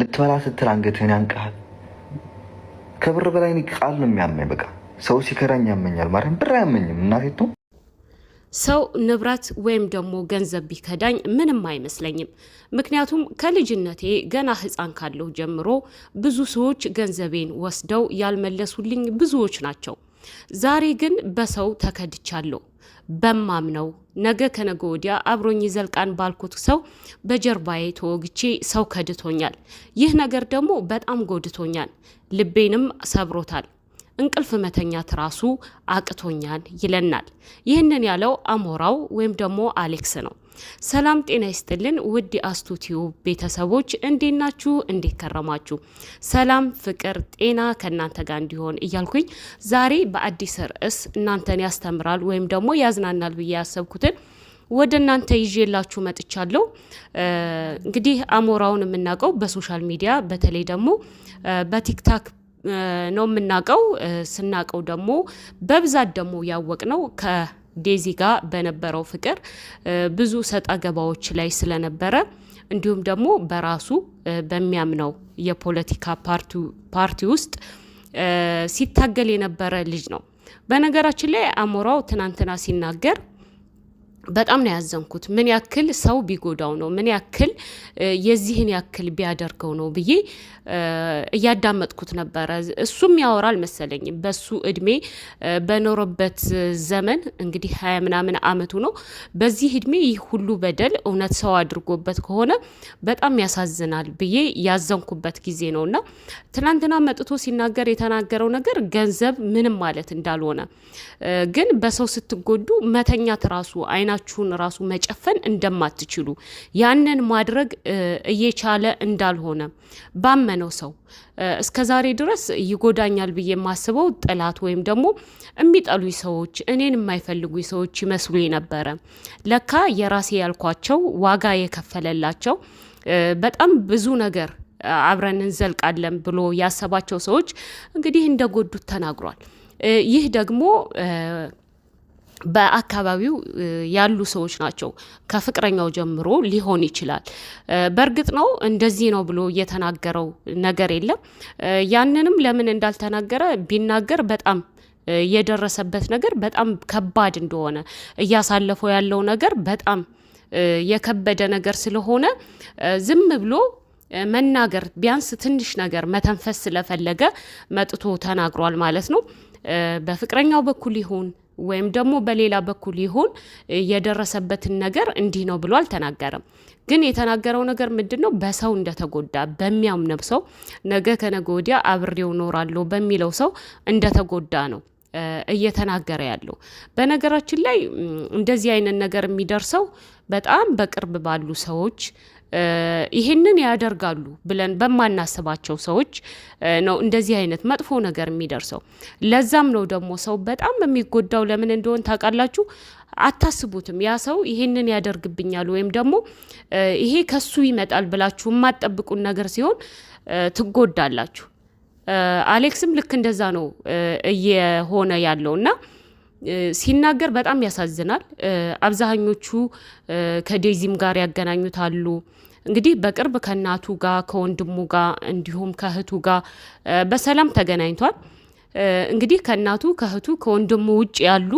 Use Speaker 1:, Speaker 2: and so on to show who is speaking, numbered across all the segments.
Speaker 1: ልትበላ ስትል አንገትህን ያንቀሃል። ከብር በላይ ቃል ነው የሚያመኝ። በቃ ሰው ሲከራኝ ያመኛል። ማርያም ብር አያመኝም። እናቴቱ
Speaker 2: ሰው ንብረት ወይም ደግሞ ገንዘብ ቢከዳኝ ምንም አይመስለኝም። ምክንያቱም ከልጅነቴ ገና ሕፃን ካለሁ ጀምሮ ብዙ ሰዎች ገንዘቤን ወስደው ያልመለሱልኝ ብዙዎች ናቸው። ዛሬ ግን በሰው ተከድቻለሁ። በማምነው ነገ ከነገ ወዲያ አብሮኝ ይዘልቃን ባልኩት ሰው በጀርባዬ ተወግቼ ሰው ከድቶኛል። ይህ ነገር ደግሞ በጣም ጎድቶኛል፣ ልቤንም ሰብሮታል። እንቅልፍ መተኛት ራሱ አቅቶኛል ይለናል። ይህንን ያለው አሞራው ወይም ደግሞ አሌክስ ነው። ሰላም ጤና ይስጥልን ውድ አስቱቲዩ ቤተሰቦች እንዴት ናችሁ? እንዴት ከረማችሁ? ሰላም ፍቅር፣ ጤና ከእናንተ ጋር እንዲሆን እያልኩኝ ዛሬ በአዲስ ርዕስ እናንተን ያስተምራል ወይም ደግሞ ያዝናናል ብዬ ያሰብኩትን ወደ እናንተ ይዤላችሁ መጥቻለሁ። እንግዲህ አሞራውን የምናውቀው በሶሻል ሚዲያ በተለይ ደግሞ በቲክታክ ነው የምናውቀው። ስናውቀው ደግሞ በብዛት ደግሞ ያወቅ ነው ከዴዚ ጋር በነበረው ፍቅር ብዙ ሰጣ ገባዎች ላይ ስለነበረ እንዲሁም ደግሞ በራሱ በሚያምነው የፖለቲካ ፓርቲ ውስጥ ሲታገል የነበረ ልጅ ነው። በነገራችን ላይ አሞራው ትናንትና ሲናገር በጣም ነው ያዘንኩት። ምን ያክል ሰው ቢጎዳው ነው ምን ያክል የዚህን ያክል ቢያደርገው ነው ብዬ እያዳመጥኩት ነበረ። እሱም ያወራል መሰለኝ በሱ እድሜ በኖረበት ዘመን እንግዲህ ሀያ ምናምን አመቱ ነው። በዚህ እድሜ ይህ ሁሉ በደል እውነት ሰው አድርጎበት ከሆነ በጣም ያሳዝናል ብዬ ያዘንኩበት ጊዜ ነው እና ትናንትና መጥቶ ሲናገር የተናገረው ነገር ገንዘብ ምንም ማለት እንዳልሆነ ግን በሰው ስትጎዱ መተኛት ራሱ አይናችሁን ራሱ መጨፈን እንደማትችሉ ያንን ማድረግ እየቻለ እንዳልሆነ ባመነው ሰው እስከ ዛሬ ድረስ ይጎዳኛል ብዬ የማስበው ጥላት ወይም ደግሞ የሚጠሉ ሰዎች እኔን የማይፈልጉ ሰዎች ይመስሉ ነበረ። ለካ የራሴ ያልኳቸው ዋጋ የከፈለላቸው በጣም ብዙ ነገር አብረን እንዘልቃለን ብሎ ያሰባቸው ሰዎች እንግዲህ እንደጎዱት ተናግሯል። ይህ ደግሞ በአካባቢው ያሉ ሰዎች ናቸው። ከፍቅረኛው ጀምሮ ሊሆን ይችላል። በእርግጥ ነው እንደዚህ ነው ብሎ የተናገረው ነገር የለም። ያንንም ለምን እንዳልተናገረ ቢናገር በጣም የደረሰበት ነገር በጣም ከባድ እንደሆነ እያሳለፈው ያለው ነገር በጣም የከበደ ነገር ስለሆነ ዝም ብሎ መናገር ቢያንስ ትንሽ ነገር መተንፈስ ስለፈለገ መጥቶ ተናግሯል ማለት ነው። በፍቅረኛው በኩል ይሁን ወይም ደግሞ በሌላ በኩል ይሁን የደረሰበትን ነገር እንዲህ ነው ብሎ አልተናገረም። ግን የተናገረው ነገር ምንድን ነው? በሰው እንደተጎዳ በሚያምነብ ሰው ነገ ከነገ ወዲያ አብሬው ኖራለሁ በሚለው ሰው እንደተጎዳ ነው እየተናገረ ያለው። በነገራችን ላይ እንደዚህ አይነት ነገር የሚደርሰው በጣም በቅርብ ባሉ ሰዎች ይህንን ያደርጋሉ ብለን በማናስባቸው ሰዎች ነው እንደዚህ አይነት መጥፎ ነገር የሚደርሰው። ለዛም ነው ደግሞ ሰው በጣም የሚጎዳው። ለምን እንደሆን ታውቃላችሁ? አታስቡትም። ያ ሰው ይህንን ያደርግብኛል ወይም ደግሞ ይሄ ከሱ ይመጣል ብላችሁ የማትጠብቁን ነገር ሲሆን ትጎዳላችሁ። አሌክስም ልክ እንደዛ ነው እየሆነ ያለው እና ሲናገር በጣም ያሳዝናል። አብዛኞቹ ከዴዚም ጋር ያገናኙታሉ። እንግዲህ በቅርብ ከእናቱ ጋር ከወንድሙ ጋር እንዲሁም ከእህቱ ጋር በሰላም ተገናኝቷል። እንግዲህ ከእናቱ ከእህቱ ከወንድሙ ውጭ ያሉ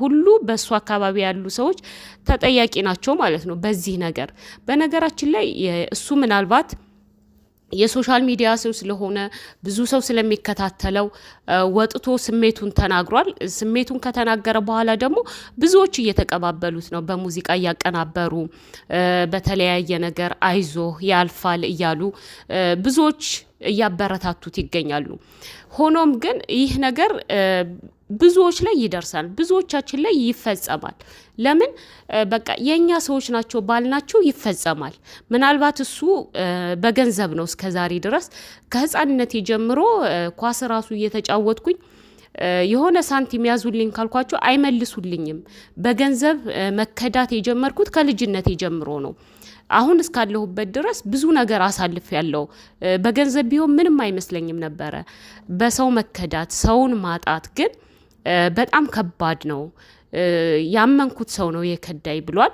Speaker 2: ሁሉ በእሱ አካባቢ ያሉ ሰዎች ተጠያቂ ናቸው ማለት ነው በዚህ ነገር። በነገራችን ላይ እሱ ምናልባት የሶሻል ሚዲያ ሰው ስለሆነ ብዙ ሰው ስለሚከታተለው ወጥቶ ስሜቱን ተናግሯል። ስሜቱን ከተናገረ በኋላ ደግሞ ብዙዎች እየተቀባበሉት ነው። በሙዚቃ እያቀናበሩ በተለያየ ነገር አይዞ ያልፋል እያሉ ብዙዎች እያበረታቱት ይገኛሉ። ሆኖም ግን ይህ ነገር ብዙዎች ላይ ይደርሳል፣ ብዙዎቻችን ላይ ይፈጸማል። ለምን በቃ የእኛ ሰዎች ናቸው ባልናቸው ይፈጸማል። ምናልባት እሱ በገንዘብ ነው እስከ ዛሬ ድረስ ከህፃንነት ጀምሮ ኳስ ራሱ እየተጫወትኩኝ የሆነ ሳንቲም ያዙልኝ ካልኳቸው አይመልሱልኝም። በገንዘብ መከዳት የጀመርኩት ከልጅነት ጀምሮ ነው። አሁን እስካለሁበት ድረስ ብዙ ነገር አሳልፍ ያለው በገንዘብ ቢሆን ምንም አይመስለኝም ነበረ። በሰው መከዳት፣ ሰውን ማጣት ግን በጣም ከባድ ነው። ያመንኩት ሰው ነው የከዳይ ብሏል።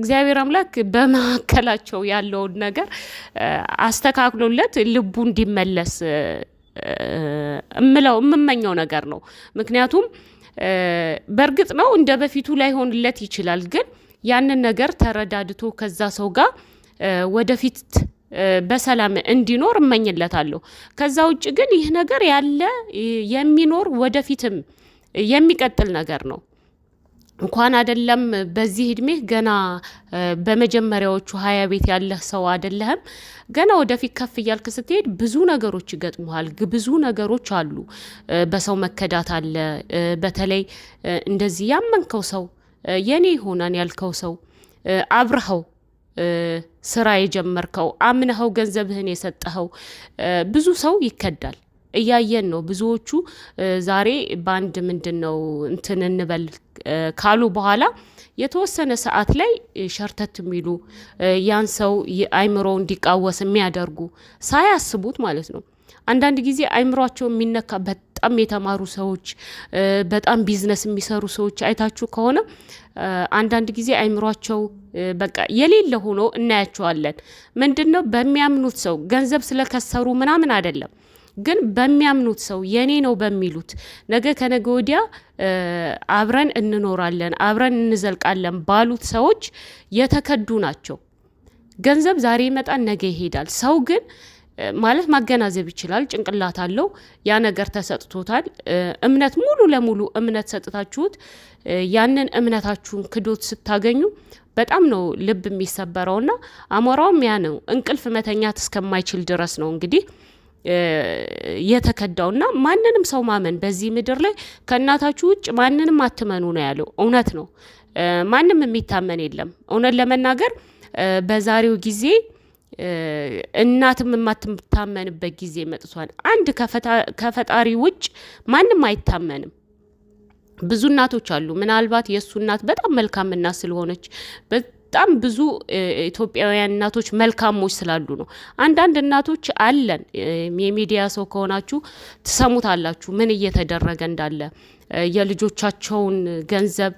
Speaker 2: እግዚአብሔር አምላክ በመካከላቸው ያለውን ነገር አስተካክሎለት ልቡ እንዲመለስ እምለው የምመኘው ነገር ነው። ምክንያቱም በእርግጥ ነው እንደ በፊቱ ላይሆንለት ይችላል። ግን ያንን ነገር ተረዳድቶ ከዛ ሰው ጋር ወደፊት በሰላም እንዲኖር እመኝለታለሁ። ከዛ ውጭ ግን ይህ ነገር ያለ የሚኖር ወደፊትም የሚቀጥል ነገር ነው። እንኳን አደለም በዚህ እድሜ ገና በመጀመሪያዎቹ ሀያ ቤት ያለህ ሰው አደለህም። ገና ወደፊት ከፍ እያልክ ስትሄድ ብዙ ነገሮች ይገጥሙሃል። ብዙ ነገሮች አሉ። በሰው መከዳት አለ። በተለይ እንደዚህ ያመንከው ሰው የኔ ይሆናን ያልከው ሰው አብረኸው ስራ የጀመርከው አምነኸው ገንዘብህን የሰጠኸው ብዙ ሰው ይከዳል። እያየን ነው። ብዙዎቹ ዛሬ በአንድ ምንድን ነው እንትን እንበል ካሉ በኋላ የተወሰነ ሰዓት ላይ ሸርተት የሚሉ ያን ሰው አይምሮ እንዲቃወስ የሚያደርጉ ሳያስቡት ማለት ነው። አንዳንድ ጊዜ አይምሯቸው የሚነካ በጣም የተማሩ ሰዎች፣ በጣም ቢዝነስ የሚሰሩ ሰዎች አይታችሁ ከሆነ አንዳንድ ጊዜ አይምሯቸው በቃ የሌለ ሆኖ እናያቸዋለን። ምንድን ነው በሚያምኑት ሰው ገንዘብ ስለከሰሩ ምናምን አይደለም ግን በሚያምኑት ሰው የኔ ነው በሚሉት ነገ ከነገ ወዲያ አብረን እንኖራለን አብረን እንዘልቃለን ባሉት ሰዎች የተከዱ ናቸው። ገንዘብ ዛሬ ይመጣል፣ ነገ ይሄዳል። ሰው ግን ማለት ማገናዘብ ይችላል። ጭንቅላት አለው። ያ ነገር ተሰጥቶታል። እምነት ሙሉ ለሙሉ እምነት ሰጥታችሁት ያንን እምነታችሁን ክዶት ስታገኙ በጣም ነው ልብ የሚሰበረውና አሞራውም ያ ነው። እንቅልፍ መተኛት እስከማይችል ድረስ ነው እንግዲህ የተከዳው እና ማንንም ሰው ማመን በዚህ ምድር ላይ ከእናታችሁ ውጭ ማንንም አትመኑ ነው ያለው። እውነት ነው። ማንም የሚታመን የለም። እውነት ለመናገር በዛሬው ጊዜ እናትም የማትታመንበት ጊዜ መጥቷል። አንድ ከፈጣሪ ውጭ ማንም አይታመንም። ብዙ እናቶች አሉ። ምናልባት የእሱ እናት በጣም መልካም እናት ስለሆነች በጣም ብዙ ኢትዮጵያውያን እናቶች መልካሞች ስላሉ ነው። አንዳንድ እናቶች አለን፣ የሚዲያ ሰው ከሆናችሁ ትሰሙታላችሁ ምን እየተደረገ እንዳለ የልጆቻቸውን ገንዘብ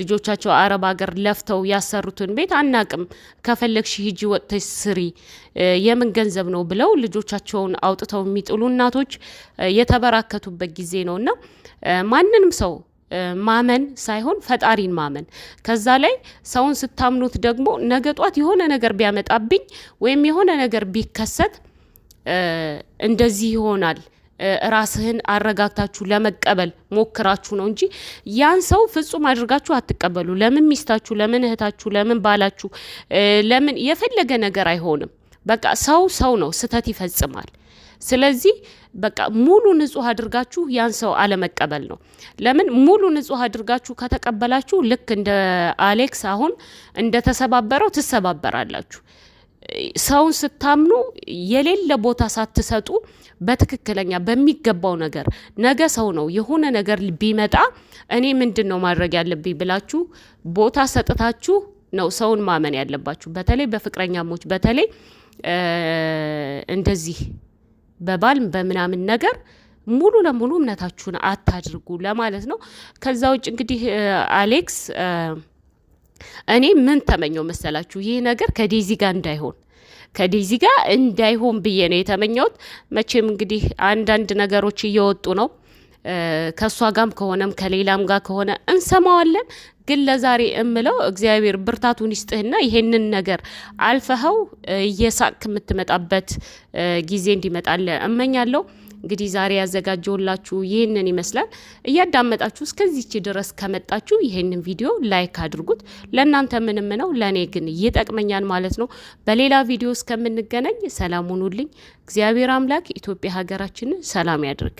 Speaker 2: ልጆቻቸው አረብ ሀገር ለፍተው ያሰሩትን ቤት አናቅም፣ ከፈለግሽ ሂጂ ወጥተሽ ስሪ፣ የምን ገንዘብ ነው ብለው ልጆቻቸውን አውጥተው የሚጥሉ እናቶች የተበራከቱበት ጊዜ እና ማንንም ሰው ማመን ሳይሆን ፈጣሪን ማመን። ከዛ ላይ ሰውን ስታምኑት ደግሞ ነገ ጧት የሆነ ነገር ቢያመጣብኝ ወይም የሆነ ነገር ቢከሰት እንደዚህ ይሆናል ራስህን አረጋግታችሁ ለመቀበል ሞክራችሁ ነው እንጂ ያን ሰው ፍጹም አድርጋችሁ አትቀበሉ። ለምን ሚስታችሁ፣ ለምን እህታችሁ፣ ለምን ባላችሁ፣ ለምን የፈለገ ነገር አይሆንም። በቃ ሰው ሰው ነው፣ ስህተት ይፈጽማል። ስለዚህ በቃ ሙሉ ንጹህ አድርጋችሁ ያን ሰው አለመቀበል ነው። ለምን ሙሉ ንጹህ አድርጋችሁ ከተቀበላችሁ ልክ እንደ አሌክስ አሁን እንደተሰባበረው ትሰባበራላችሁ። ሰውን ስታምኑ የሌለ ቦታ ሳትሰጡ በትክክለኛ በሚገባው ነገር ነገ ሰው ነው የሆነ ነገር ቢመጣ እኔ ምንድን ነው ማድረግ ያለብኝ ብላችሁ ቦታ ሰጥታችሁ ነው ሰውን ማመን ያለባችሁ። በተለይ በፍቅረኛሞች በተለይ እንደዚህ በባል በምናምን ነገር ሙሉ ለሙሉ እምነታችሁን አታድርጉ ለማለት ነው። ከዛ ውጭ እንግዲህ አሌክስ እኔ ምን ተመኘው መሰላችሁ? ይህ ነገር ከዴዚ ጋር እንዳይሆን ከዴዚ ጋር እንዳይሆን ብዬ ነው የተመኘሁት። መቼም እንግዲህ አንዳንድ ነገሮች እየወጡ ነው ከእሷ ጋም ከሆነም ከሌላም ጋር ከሆነ እንሰማዋለን። ግን ለዛሬ እምለው እግዚአብሔር ብርታቱን ይስጥህና ይሄንን ነገር አልፈኸው እየሳቅ የምትመጣበት ጊዜ እንዲመጣለ እመኛለሁ። እንግዲህ ዛሬ ያዘጋጀውላችሁ ይህንን ይመስላል። እያዳመጣችሁ እስከዚች ድረስ ከመጣችሁ ይህንን ቪዲዮ ላይክ አድርጉት። ለእናንተ ምንም ነው፣ ለእኔ ግን ይጠቅመኛል ማለት ነው። በሌላ ቪዲዮ እስከምንገናኝ ሰላም ሁኑልኝ። እግዚአብሔር አምላክ ኢትዮጵያ ሀገራችንን ሰላም ያድርግ።